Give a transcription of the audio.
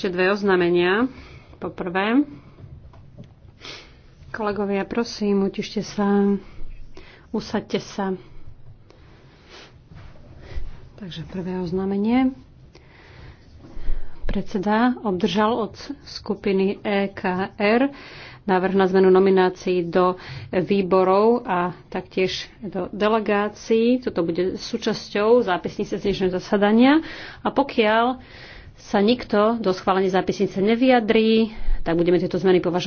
Ešte dve oznamenia. Poprvé, kolegovia, prosím, utište sa, usaďte sa. Takže prvé oznámenie. Predseda obdržal od skupiny EKR návrh na zmenu nominácií do výborov a taktiež do delegácií. Toto bude súčasťou zápisnice z dnešného zasadania. A pokiaľ sa nikto do schválenia zápisnice nevyjadrí, tak budeme tieto zmeny považovať